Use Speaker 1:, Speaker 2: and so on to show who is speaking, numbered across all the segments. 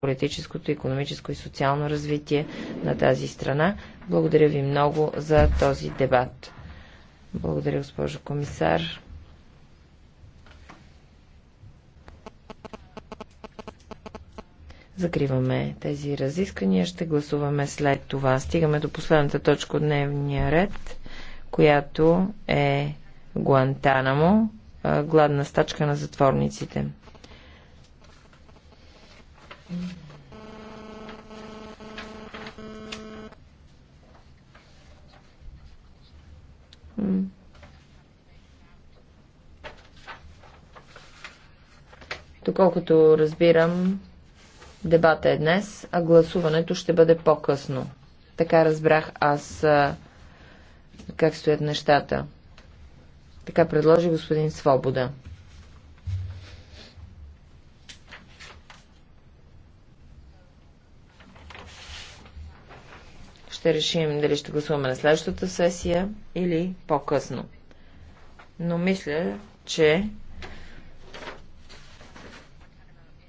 Speaker 1: политическото, економическо и социално развитие на тази страна. Благодаря ви много за този дебат. Благодаря, госпожо комисар. Закриваме тези разискания. Ще гласуваме след това. Стигаме до последната точка от дневния ред, която е Гуантанамо, гладна стачка на затворниците. Доколкото разбирам, дебата е днес, а гласуването ще бъде по-късно. Така разбрах аз как стоят нещата. Така предложи господин Свобода. Ще решим дали ще гласуваме на следващата сесия или по-късно. Но мисля, че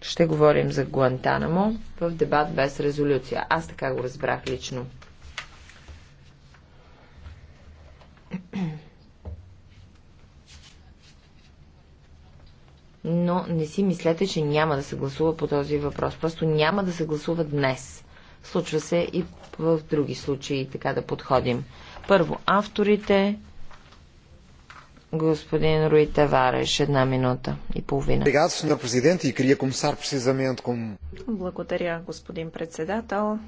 Speaker 1: ще говорим за Гуантанамо в дебат без резолюция. Аз така го разбрах лично. Но не си мислете, че няма да се гласува по този въпрос. Просто няма да се гласува днес. Случва се и в други случаи така да подходим. Първо, авторите. Господин Руи Тавареш, една минута и половина.
Speaker 2: E
Speaker 3: Благодаря, господин председател.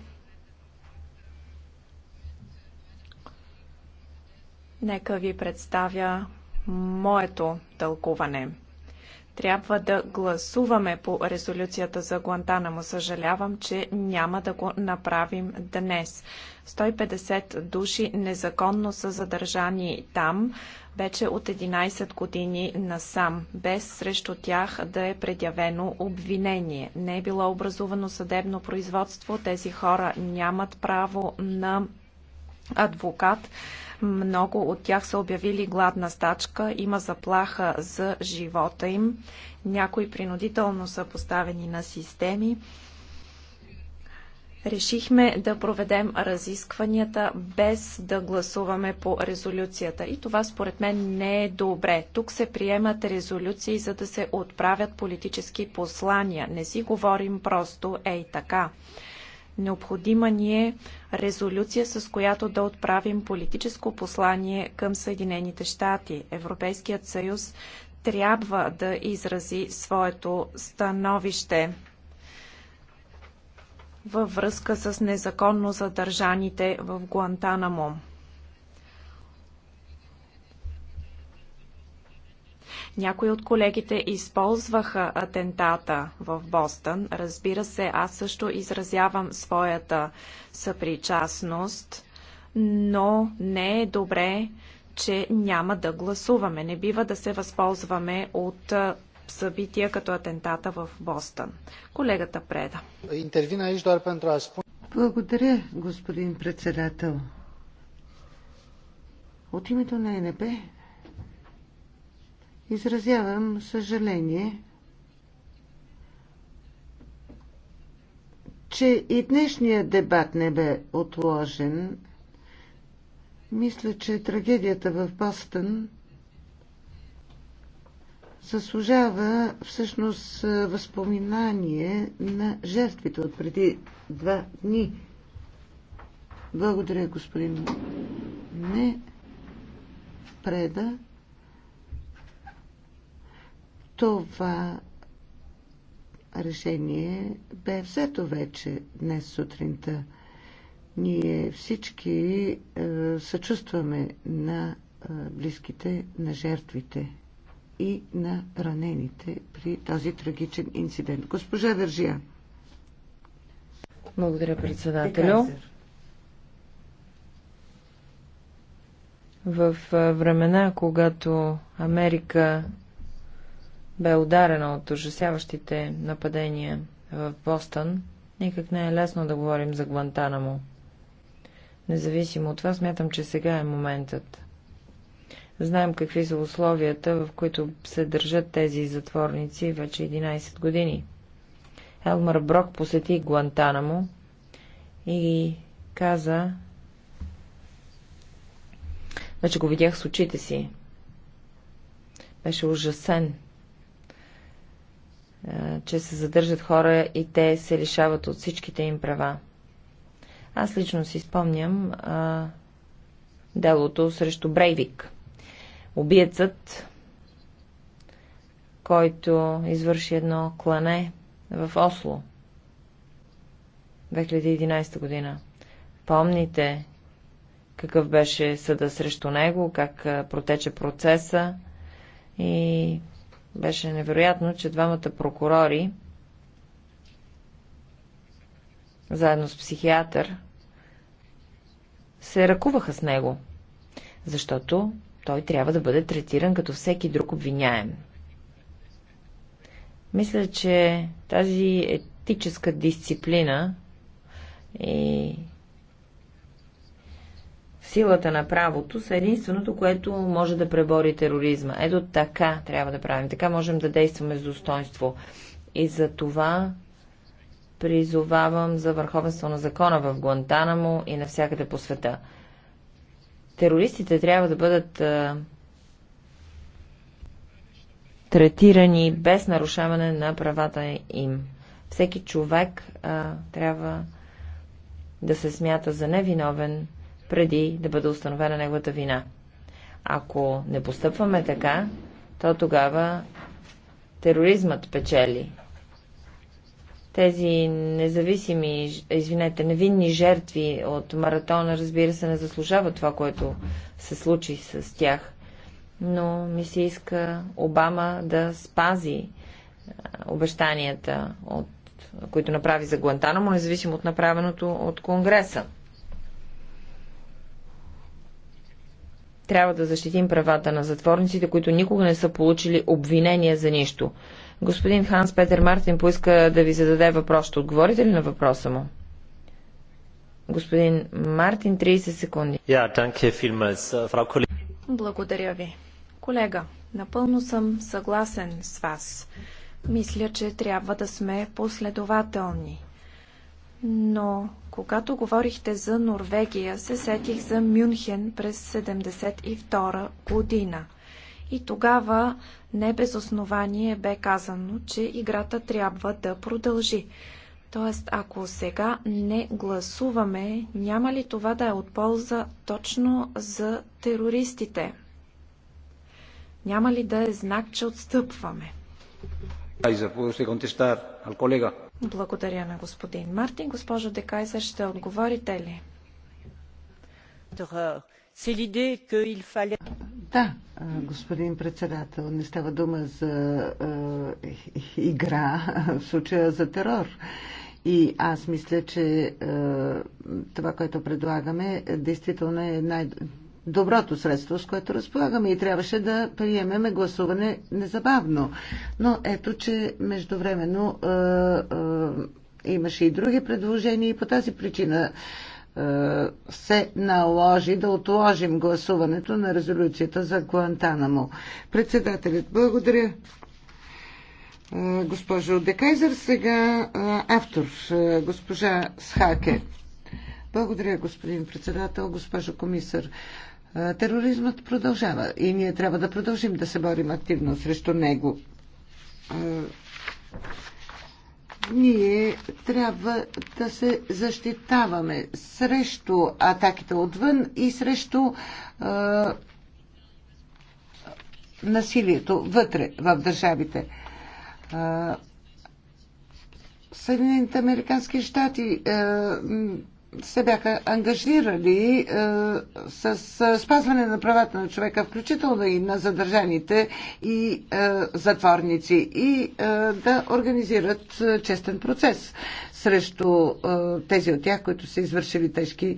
Speaker 3: Нека ви представя моето тълкуване – трябва да гласуваме по резолюцията за Гуантанамо. Съжалявам, че няма да го направим днес. 150 души незаконно са задържани там вече от 11 години насам, без срещу тях да е предявено обвинение. Не е било образувано съдебно производство, тези хора нямат право на адвокат много от тях са обявили гладна стачка, има заплаха за живота им. Някои принудително са поставени на системи. Решихме да проведем разискванията без да гласуваме по резолюцията. И това според мен не е добре. Тук се приемат резолюции, за да се отправят политически послания. Не си говорим просто ей така. Необходима ни е резолюция, с която да отправим политическо послание към Съединените щати. Европейският съюз трябва да изрази своето становище във връзка с незаконно задържаните в Гуантанамо. Някои от колегите използваха атентата в Бостън. Разбира се, аз също изразявам своята съпричастност, но не е добре, че няма да гласуваме. Не бива да се възползваме от събития като атентата в Бостън. Колегата Преда.
Speaker 2: Интервина aici doar Благодаря, господин председател. От името на ЕНП Изразявам съжаление, че и днешния дебат не бе отложен. Мисля, че трагедията в Бостън заслужава всъщност възпоминание на жертвите от преди два дни. Благодаря, господин. Не преда. Това решение бе взето вече днес сутринта. Ние всички е, съчувстваме на е, близките, на жертвите и на ранените при този трагичен инцидент. Госпожа Вержия.
Speaker 1: Благодаря, председателю. В е, времена, когато Америка бе ударена от ужасяващите нападения в Бостън, никак не е лесно да говорим за Гвантанамо. Независимо от това, смятам, че сега е моментът. Знаем какви са условията, в които се държат тези затворници вече 11 години. Елмар Брок посети Гуантанамо и каза... Вече го видях с очите си. Беше ужасен е, че се задържат хора и те се лишават от всичките им права. Аз лично си спомням а, е, делото срещу Брейвик. Убиецът, който извърши едно клане в Осло 2011 година. Помните какъв беше съда срещу него, как е, протече процеса и беше невероятно, че двамата прокурори, заедно с психиатър, се ръкуваха с него, защото той трябва да бъде третиран като всеки друг обвиняем. Мисля, че тази етическа дисциплина и силата на правото са единственото, което може да пребори тероризма. Ето така трябва да правим. Така можем да действаме с достоинство. И за това призовавам за върховенство на закона в Гуантанамо и навсякъде по света. Терористите трябва да бъдат а, третирани без нарушаване на правата им. Всеки човек а, трябва да се смята за невиновен преди да бъде установена неговата вина. Ако не постъпваме така, то тогава тероризмът печели. Тези независими, извинете, невинни жертви от маратона, разбира се, не заслужават това, което се случи с тях. Но ми се иска Обама да спази обещанията, от, които направи за Гуантанамо, независимо от направеното от Конгреса. Трябва да защитим правата на затворниците, които никога не са получили обвинения за нищо. Господин Ханс Петър Мартин поиска да ви зададе въпрос. Ще отговорите ли на
Speaker 3: въпроса му?
Speaker 1: Господин Мартин, 30 секунди.
Speaker 3: Yeah, äh, Благодаря ви. Колега, напълно съм съгласен с вас. Мисля, че трябва да сме последователни но когато говорихте за Норвегия, се сетих за Мюнхен през 1972 година. И тогава не без основание бе казано, че играта трябва да продължи. Тоест, ако сега не гласуваме, няма ли това да е от полза точно за терористите? Няма ли да е знак, че отстъпваме? Айза, подете контестар ал колега. Благодаря на господин Мартин. Госпожо Декайзер, ще отговорите ли?
Speaker 2: Да, господин председател, не става дума за е, игра, в случая за терор. И аз мисля, че е, това, което предлагаме, действително е най- доброто средство, с което разполагаме и трябваше да приемеме гласуване незабавно. Но ето, че междувременно е, е, имаше и други предложения и по тази причина е, се наложи да отложим гласуването на резолюцията за Гуантанамо. Председателят, благодаря. Е, госпожо Декайзер, сега е, автор, е, госпожа Схаке. Благодаря, господин председател, госпожо комисар. Тероризмът продължава и ние трябва да продължим да се борим активно срещу него. Ние трябва да се защитаваме срещу атаките отвън и срещу насилието вътре в държавите. Съединените Американски щати се бяха ангажирали е, с е, спазване на правата на човека, включително и на задържаните и е, затворници, и е, да организират е, честен процес срещу е, тези от тях, които са извършили тежки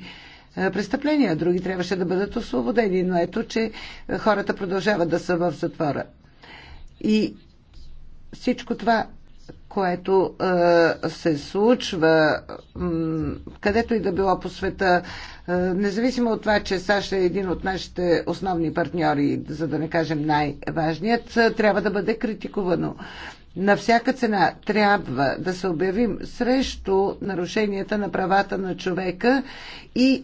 Speaker 2: е, престъпления. Други трябваше да бъдат освободени, но ето, че хората продължават да са в затвора. И всичко това което е, се случва където и да било по света, е, независимо от това, че САЩ е един от нашите основни партньори, за да не кажем най-важният, е, трябва да бъде критикувано. На всяка цена трябва да се обявим срещу нарушенията на правата на човека и е,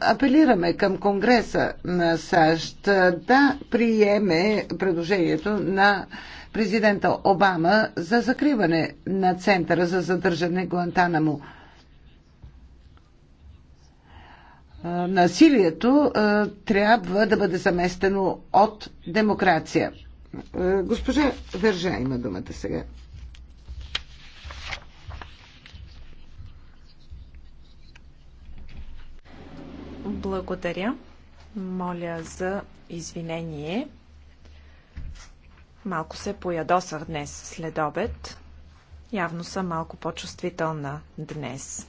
Speaker 2: апелираме към Конгреса на САЩ е, да приеме предложението на президента Обама за закриване на центъра за задържане Гуантанамо. Насилието трябва да бъде заместено от демокрация. Госпожа Вержа има думата сега.
Speaker 3: Благодаря. Моля за извинение. Малко се поядосах днес след обед. Явно съм малко по-чувствителна днес.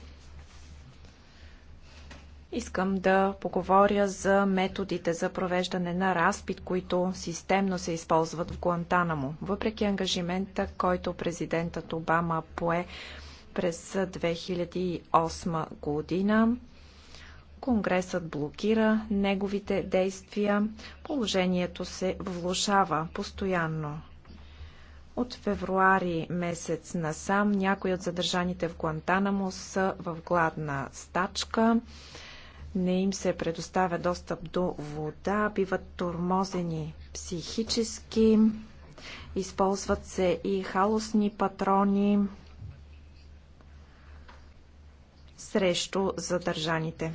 Speaker 3: Искам да поговоря за методите за провеждане на разпит, които системно се използват в Гуантанамо. Въпреки ангажимента, който президентът Обама пое през 2008 година, Конгресът блокира неговите действия. Положението се влушава постоянно. От февруари месец насам някои от задържаните в Гуантанамо са в гладна стачка. Не им се предоставя достъп до вода, биват тормозени психически, използват се и халосни патрони срещу задържаните.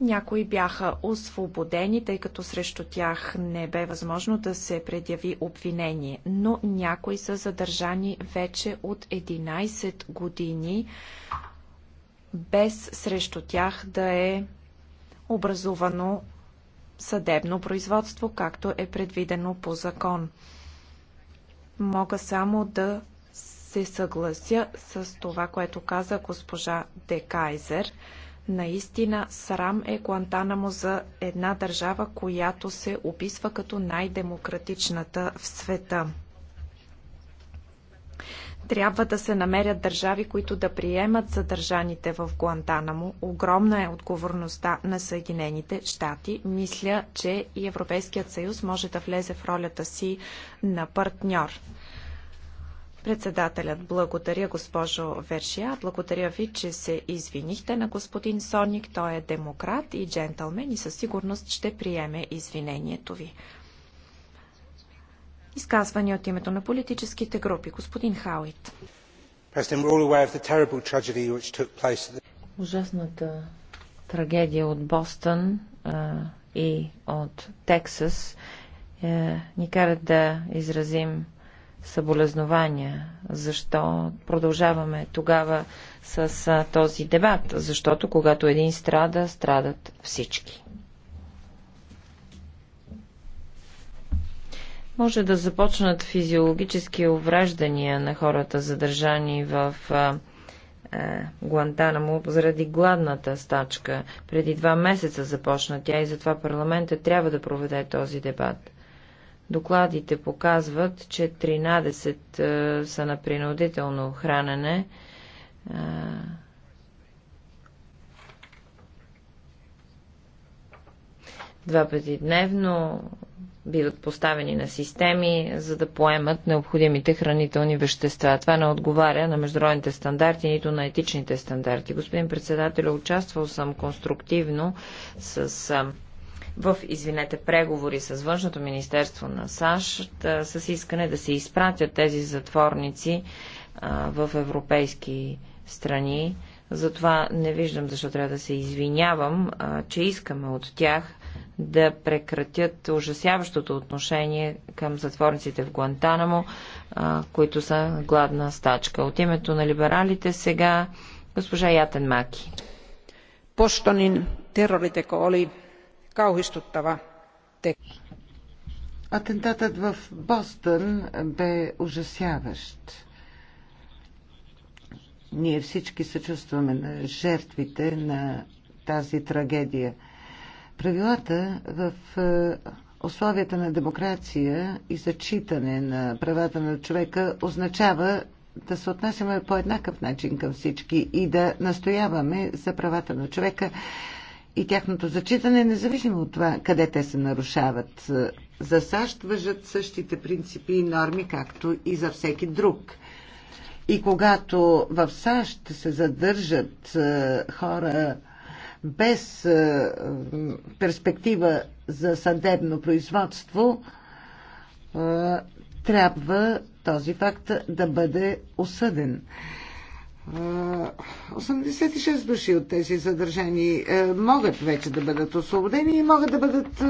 Speaker 3: Някои бяха освободени, тъй като срещу тях не бе възможно да се предяви обвинение, но някои са задържани вече от 11 години, без срещу тях да е образувано съдебно производство, както е предвидено по закон. Мога само да се съглася с това, което каза госпожа Декайзер. Наистина срам е Гуантанамо за една държава, която се описва като най-демократичната в света. Трябва да се намерят държави, които да приемат задържаните в Гуантанамо. Огромна е отговорността на Съединените щати. Мисля, че и Европейският съюз може да влезе в ролята си на партньор. Председателят, благодаря госпожо Вершия, благодаря ви, че се извинихте на господин Соник. Той е демократ и джентълмен и със сигурност ще приеме извинението ви. Изказване от името на политическите групи. Господин Хауит.
Speaker 1: Ужасната трагедия от Бостън а, и от Тексас е, ни карат да изразим съболезнования. Защо продължаваме тогава с този дебат? Защото когато един страда, страдат всички. Може да започнат физиологически увреждания на хората, задържани в Гуантана Гуантанамо заради гладната стачка. Преди два месеца започна тя и затова парламентът трябва да проведе този дебат. Докладите показват, че 13 е, са на принудително хранене. Е, два пъти дневно биват поставени на системи, за да поемат необходимите хранителни вещества. Това не отговаря на международните стандарти, нито на етичните стандарти. Господин председател, участвал съм конструктивно с е, в, извинете, преговори с Външното министерство на САЩ с искане да се изпратят тези затворници а, в европейски страни. Затова не виждам защо трябва да се извинявам, а, че искаме от тях да прекратят ужасяващото отношение към затворниците в Гуантанамо, а, които са гладна стачка. От името на либералите сега госпожа
Speaker 2: Ятен Маки. Поштонин терроритeko oli kauhistuttava teko. Атентатът в Бостън бе ужасяващ. Ние всички се чувстваме на жертвите на тази трагедия. Правилата в е, условията на демокрация и зачитане на правата на човека означава да се отнасяме по еднакъв начин към всички и да настояваме за правата на човека и тяхното зачитане, независимо от това къде те се нарушават. За САЩ въжат същите принципи и норми, както и за всеки друг. И когато в САЩ се задържат е, хора без е, перспектива за съдебно производство, е, трябва този факт да бъде осъден. 86 души от тези задържани е, могат вече да бъдат освободени и могат да бъдат е,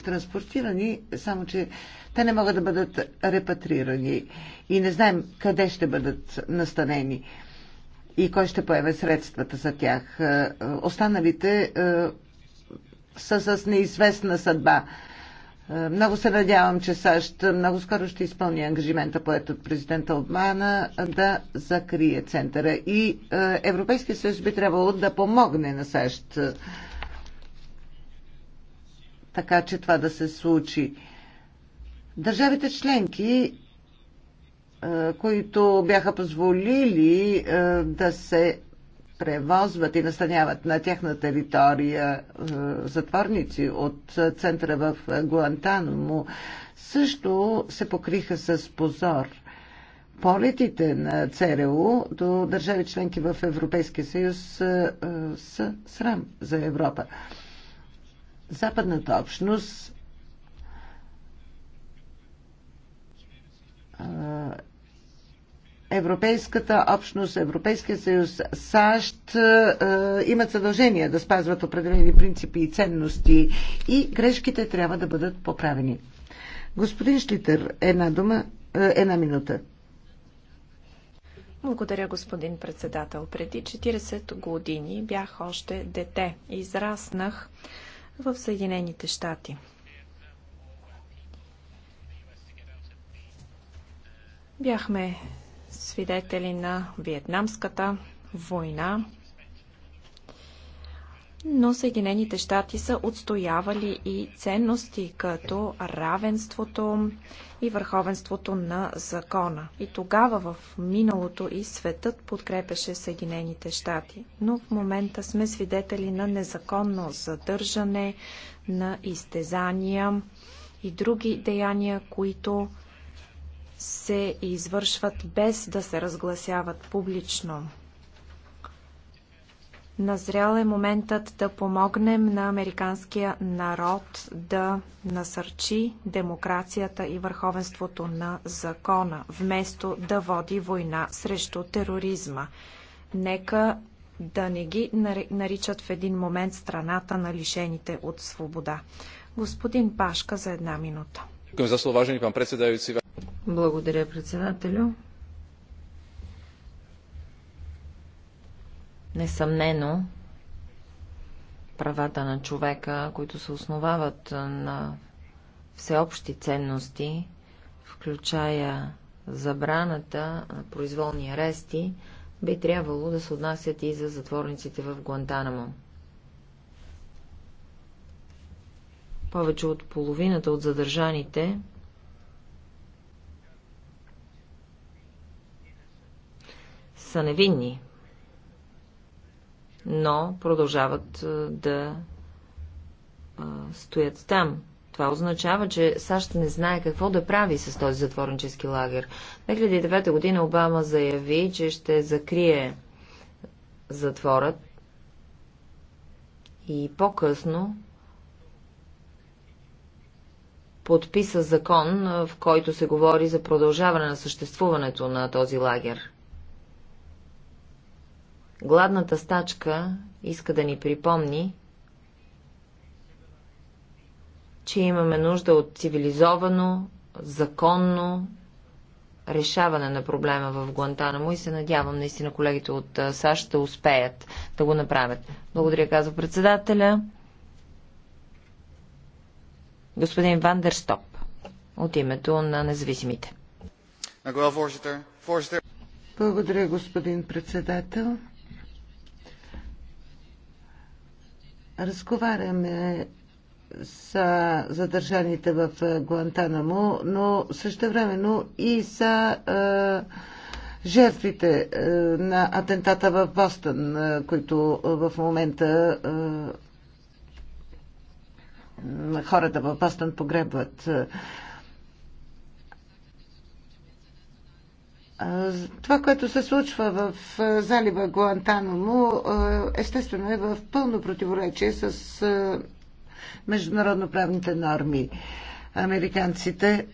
Speaker 2: е, транспортирани, само че те не могат да бъдат репатрирани и не знаем къде ще бъдат настанени и кой ще поеме средствата за тях. Останалите са с неизвестна съдба. Е, много се надявам, че САЩ много скоро ще изпълни ангажимента, поет от президента Обмана, да закрие центъра. И е, Европейския съюз би трябвало да помогне на САЩ е, така, че това да се случи. Държавите членки, които бяха позволили да се превозват и настаняват на тяхна територия е, затворници от центъра в Гуантанамо, също се покриха с позор. Полетите на ЦРУ до държави членки в Европейския съюз е, са срам за Европа. Западната общност е, Европейската общност, Европейския съюз, САЩ е, имат задължение да спазват определени принципи и ценности и грешките трябва да бъдат поправени. Господин Шлитър, една дума, е, една минута.
Speaker 3: Благодаря, господин председател. Преди 40 години бях още дете. Израснах в Съединените щати. Бяхме свидетели на Виетнамската война, но Съединените щати са отстоявали и ценности като равенството и върховенството на закона. И тогава в миналото и светът подкрепеше Съединените щати. Но в момента сме свидетели на незаконно задържане, на изтезания и други деяния, които се извършват без да се разгласяват публично. Назрял е моментът да помогнем на американския народ да насърчи демокрацията и върховенството на закона, вместо да води война срещу тероризма. Нека да не ги наричат в един момент страната на лишените от свобода. Господин Пашка за една минута. Благодаря, председателю.
Speaker 1: Несъмнено, правата на човека, които се основават на всеобщи ценности, включая забраната на произволни арести, би трябвало да се отнасят и за затворниците в Гуантанамо. Повече от половината от задържаните са невинни, но продължават да стоят там. Това означава, че САЩ не знае какво да прави с този затворнически лагер. 2009 година Обама заяви, че ще закрие затворът и по-късно подписа закон, в който се говори за продължаване на съществуването на този лагер. Гладната стачка иска да ни припомни, че имаме нужда от цивилизовано, законно решаване на проблема в Гуантанамо и се надявам наистина колегите от САЩ да успеят да го направят. Благодаря, казва председателя. Господин Вандерстоп от името на независимите.
Speaker 2: Благодаря, господин председател. Разговаряме са задържаните в е, Гуантанамо, но времено и са е, жертвите е, на атентата в Бостън, е, които е, в момента е, хората в Бостън погребват. Е, Това, което се случва в залива Гуантанамо, естествено е в пълно противоречие с международноправните норми. Американците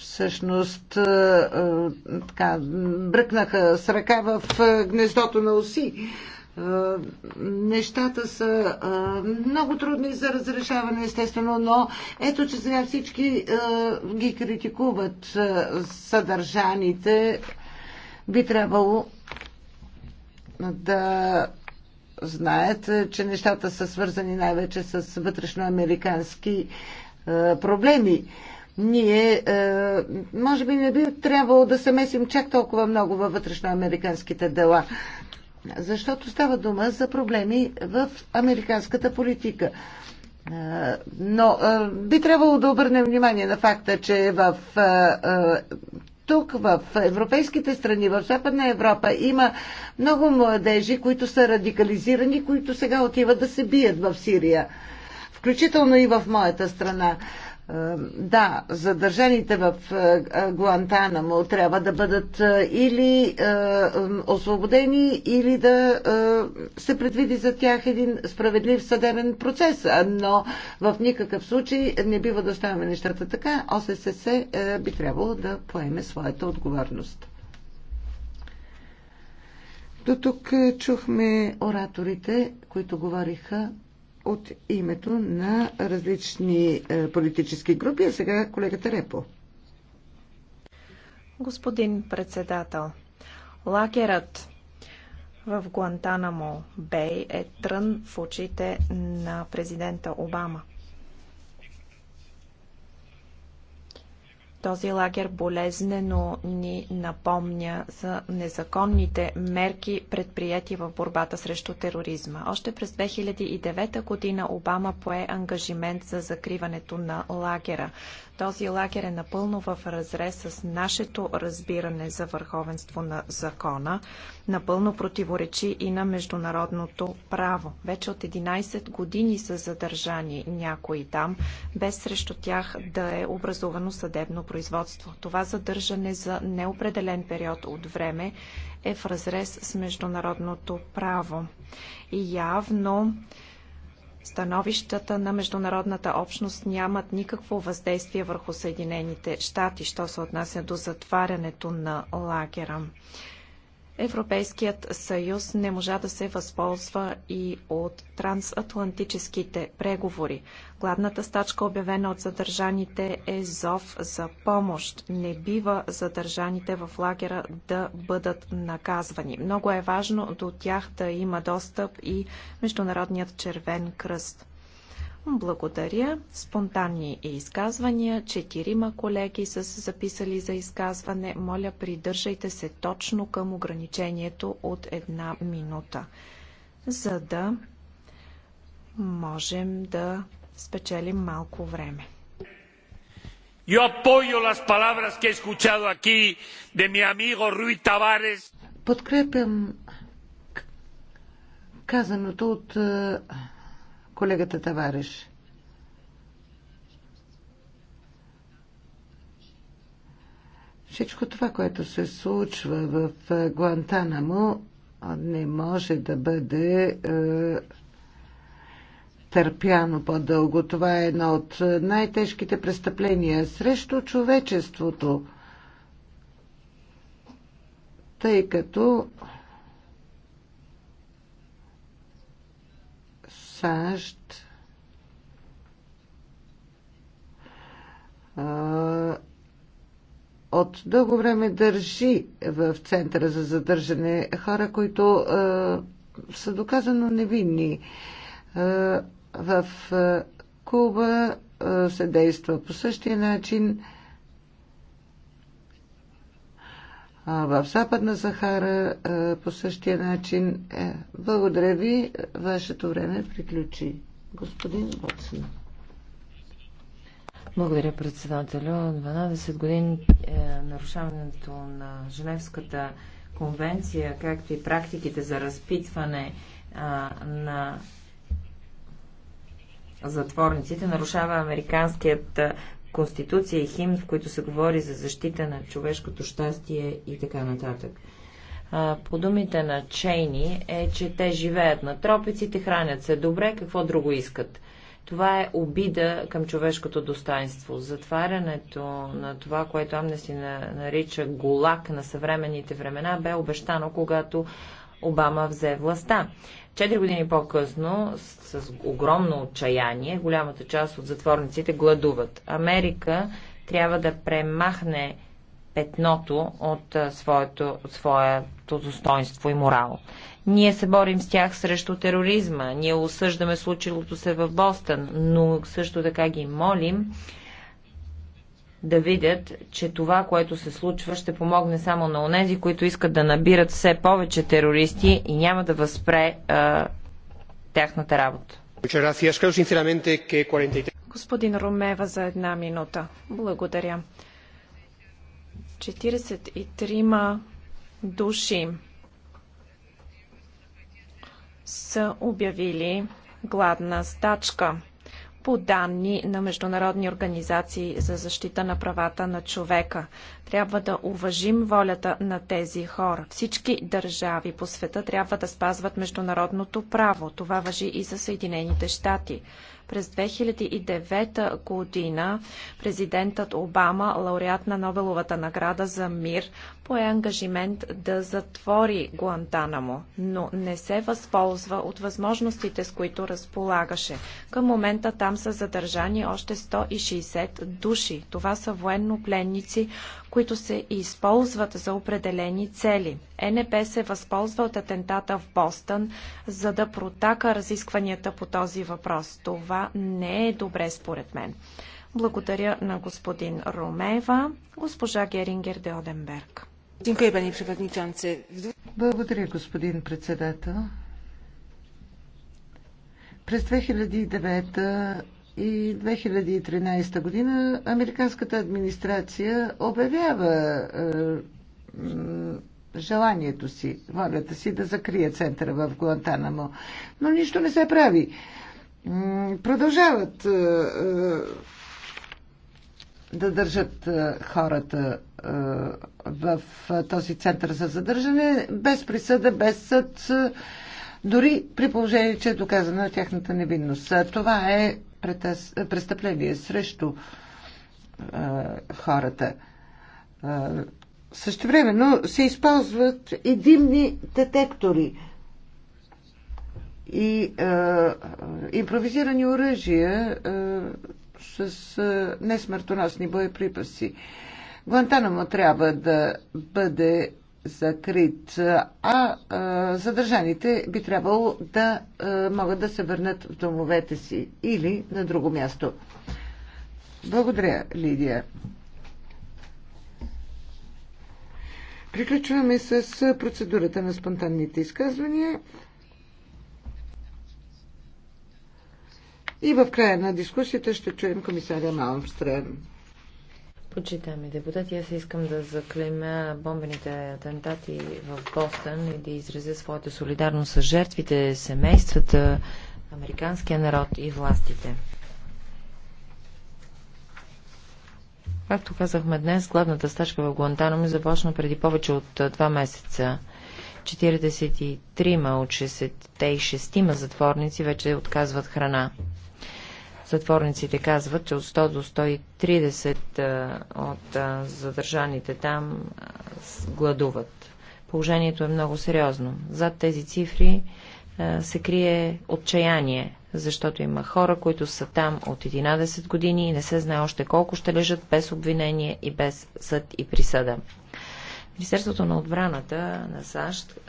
Speaker 2: всъщност така, бръкнаха с ръка в гнездото на оси е, нещата са е, много трудни за разрешаване, естествено, но ето, че сега всички е, ги критикуват съдържаните. Би трябвало да знаят, че нещата са свързани най-вече с вътрешноамерикански проблеми ние може би не би трябвало да се месим чак толкова много във вътрешноамериканските дела защото става дума за проблеми в американската политика. Но би трябвало да обърнем внимание на факта, че в тук в европейските страни, в Западна Европа има много младежи, които са радикализирани, които сега отиват да се бият в Сирия. Включително и в моята страна. Е, да, задържаните в е, е, Гуантанамо трябва да бъдат или освободени, или да се предвиди за тях един справедлив съдебен процес. Но в никакъв случай не бива да оставяме нещата така. ОССС би трябвало да поеме своята отговорност. До тук чухме ораторите, които говориха от името на различни е, политически групи. А сега колегата Репо.
Speaker 3: Господин председател, лагерът в Гуантанамо Бей е трън в очите на президента Обама – Този лагер болезнено ни напомня за незаконните мерки, предприяти в борбата срещу тероризма. Още през 2009 година Обама пое ангажимент за закриването на лагера. Този лагер е напълно в разрез с нашето разбиране за върховенство на закона. Напълно противоречи и на международното право. Вече от 11 години са задържани някои там, без срещу тях да е образувано съдебно производство. Това задържане за неопределен период от време е в разрез с международното право. И явно Становищата на международната общност нямат никакво въздействие върху Съединените щати, що се отнася до затварянето на лагера. Европейският съюз не можа да се възползва и от трансатлантическите преговори. Гладната стачка, обявена от задържаните, е зов за помощ. Не бива задържаните в лагера да бъдат наказвани. Много е важно до тях да има достъп и Международният червен кръст. Благодаря. Спонтанни изказвания. Четирима колеги са се записали за изказване. Моля, придържайте се точно към ограничението от една минута, за да можем да спечелим малко време. Yo apoyo las palabras que he escuchado aquí de mi amigo Rui
Speaker 2: Подкрепям казаното от е, колегата товариш. Всичко това, което се случва в е, Гуантанамо, не може да бъде е, търпяно по-дълго. Това е едно от най-тежките престъпления срещу човечеството, тъй като САЩ от дълго време държи в центъра за задържане хора, които а, са доказано невинни. А, в а, Куба а, се действа по същия начин. А, в Западна Сахара по същия начин. Е, благодаря ви. Вашето време приключи. Господин Боцин.
Speaker 1: Благодаря, председателю. 12 години е, нарушаването на Женевската конвенция, както и практиките за разпитване а, на затворниците, нарушава американският конституция и химн, в които се говори за защита на човешкото щастие и така нататък. По думите на Чейни е, че те живеят на тропиците, хранят се добре, какво друго искат. Това е обида към човешкото достоинство. Затварянето на това, което Амнести нарича голак на съвременните времена, бе обещано, когато Обама взе властта. Четири години по-късно, с, с огромно отчаяние, голямата част от затворниците гладуват. Америка трябва да премахне петното от своето, от своето достоинство и морал. Ние се борим с тях срещу тероризма, ние осъждаме случилото се в Бостън, но също така ги молим да видят, че това, което се случва, ще помогне само на онези, които искат да набират все повече терористи и няма да възпре а,
Speaker 3: тяхната работа. Господин Ромева за една минута. Благодаря. 43 души са обявили гладна стачка по данни на международни организации за защита на правата на човека. Трябва да уважим волята на тези хора. Всички държави по света трябва да спазват международното право. Това въжи и за Съединените щати. През 2009 година президентът Обама, лауреат на Нобеловата награда за мир, пое ангажимент да затвори Гуантанамо, но не се възползва от възможностите, с които разполагаше. Към момента там са задържани още 160 души. Това са военнопленници, които се използват за определени цели. Е НП се възползва от атентата в Бостън, за да протака разискванията по този въпрос. Това това не е добре според мен. Благодаря на господин Ромева, госпожа Герингер де Оденберг.
Speaker 2: Благодаря, господин председател. През 2009 и 2013 година американската администрация обявява е, желанието си, волята си да закрие центъра в Гуантанамо. Но нищо не се прави продължават е, е, да държат е, хората в този център за задържане без присъда, без съд, дори при положение, че е доказана тяхната невинност. Това е престъпление срещу хората. Също времено се използват и димни детектори и а, импровизирани оръжия а, с а, несмъртоносни боеприпаси. Гуантанамо трябва да бъде закрит, а, а задържаните би трябвало да а, могат да се върнат в домовете си или на друго място. Благодаря, Лидия. Приключваме с процедурата на спонтанните изказвания. И в края на дискусията ще чуем комисаря Малмстрен.
Speaker 1: Почитаме депутати, аз искам да заклемя бомбените атентати в Бостън и да изразя своята солидарност с жертвите, семействата, американския народ и властите. Както казахме днес, гладната стачка в ми започна преди повече от два месеца. 43 от 66 затворници вече отказват храна. Затворниците казват, че от 100 до 130 от задържаните там гладуват. Положението е много сериозно. Зад тези цифри се крие отчаяние, защото има хора, които са там от 11 години и не се знае още колко ще лежат без обвинение и без съд и присъда. Министерството на отбраната на САЩ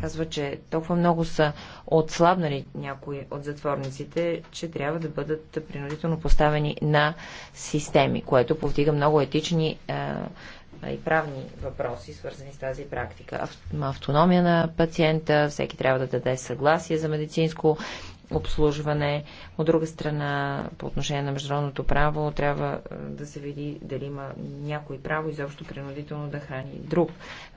Speaker 1: казва, че толкова много са отслабнали някои от затворниците, че трябва да бъдат принудително поставени на системи, което повдига много етични и правни въпроси, свързани с тази практика. Автономия на пациента, всеки трябва да даде съгласие за медицинско обслужване. От друга страна, по отношение на международното право, трябва е, да се види дали има някой право изобщо принудително да храни друг.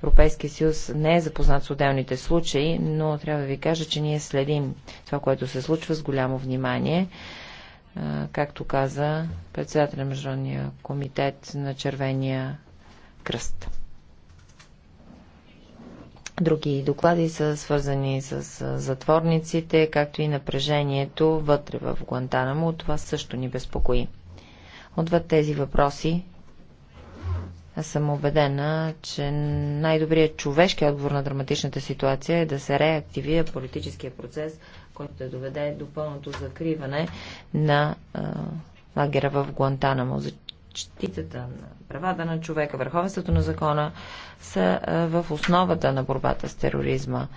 Speaker 1: Европейския съюз не е запознат с отделните случаи, но трябва да ви кажа, че ние следим това, което се случва с голямо внимание. Е, както каза председателя на Международния комитет на Червения кръст. Други доклади са свързани с затворниците, както и напрежението вътре в Гуантанамо. Това също ни безпокои. Отвъд тези въпроси, аз съм убедена, че най-добрият човешки отговор на драматичната ситуация е да се реактивира политическия процес, който да доведе до пълното закриване на а, лагера в Гуантанамо щитата на правата на човека, върховенството на закона са в основата на борбата с тероризма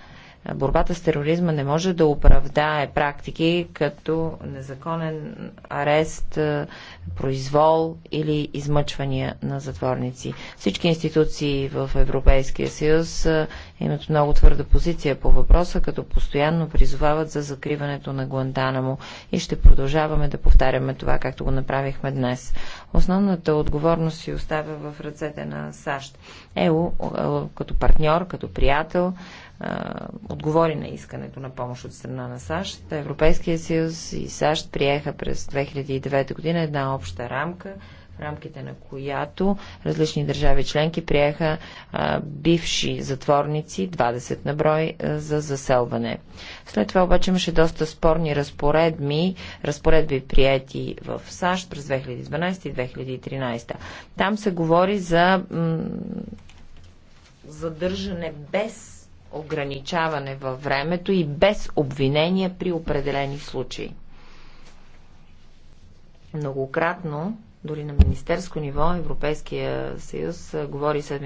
Speaker 1: борбата с тероризма не може да оправдае практики като незаконен арест, е, произвол или измъчвания на затворници. Всички институции в Европейския съюз е, имат много твърда позиция по въпроса, като постоянно призовават за закриването на Гуантанамо и ще продължаваме да повтаряме това, както го направихме днес. Основната отговорност си оставя в ръцете на САЩ. ЕО е, като партньор, като приятел, отговори на искането на помощ от страна на САЩ. Европейския съюз и САЩ приеха през 2009 година една обща рамка, в рамките на която различни държави членки приеха а, бивши затворници, 20 на брой, а, за заселване. След това обаче имаше доста спорни разпоредми, разпоредби прияти в САЩ през 2012 и 2013. Там се говори за задържане без ограничаване във времето и без обвинения при определени случаи. Многократно, дори на министерско ниво, Европейския съюз говори с,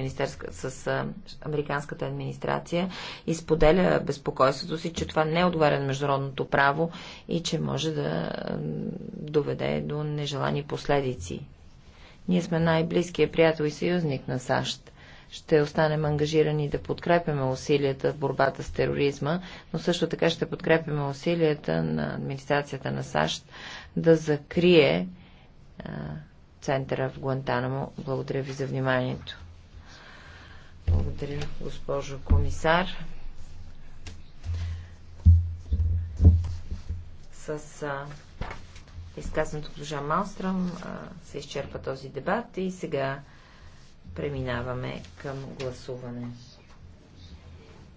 Speaker 1: с американската администрация и споделя безпокойството си, че това не е отговаря на международното право и че може да доведе до нежелани последици. Ние сме най-близкият приятел и съюзник на САЩ ще останем ангажирани да подкрепяме усилията в борбата с тероризма, но също така ще подкрепяме усилията на администрацията на САЩ да закрие а, центъра в Гуантанамо. Благодаря ви за вниманието. Благодаря, госпожо комисар. С а, изказаното госпожа Малстрам а, се изчерпа този
Speaker 2: дебат и сега Преминаваме към гласуване.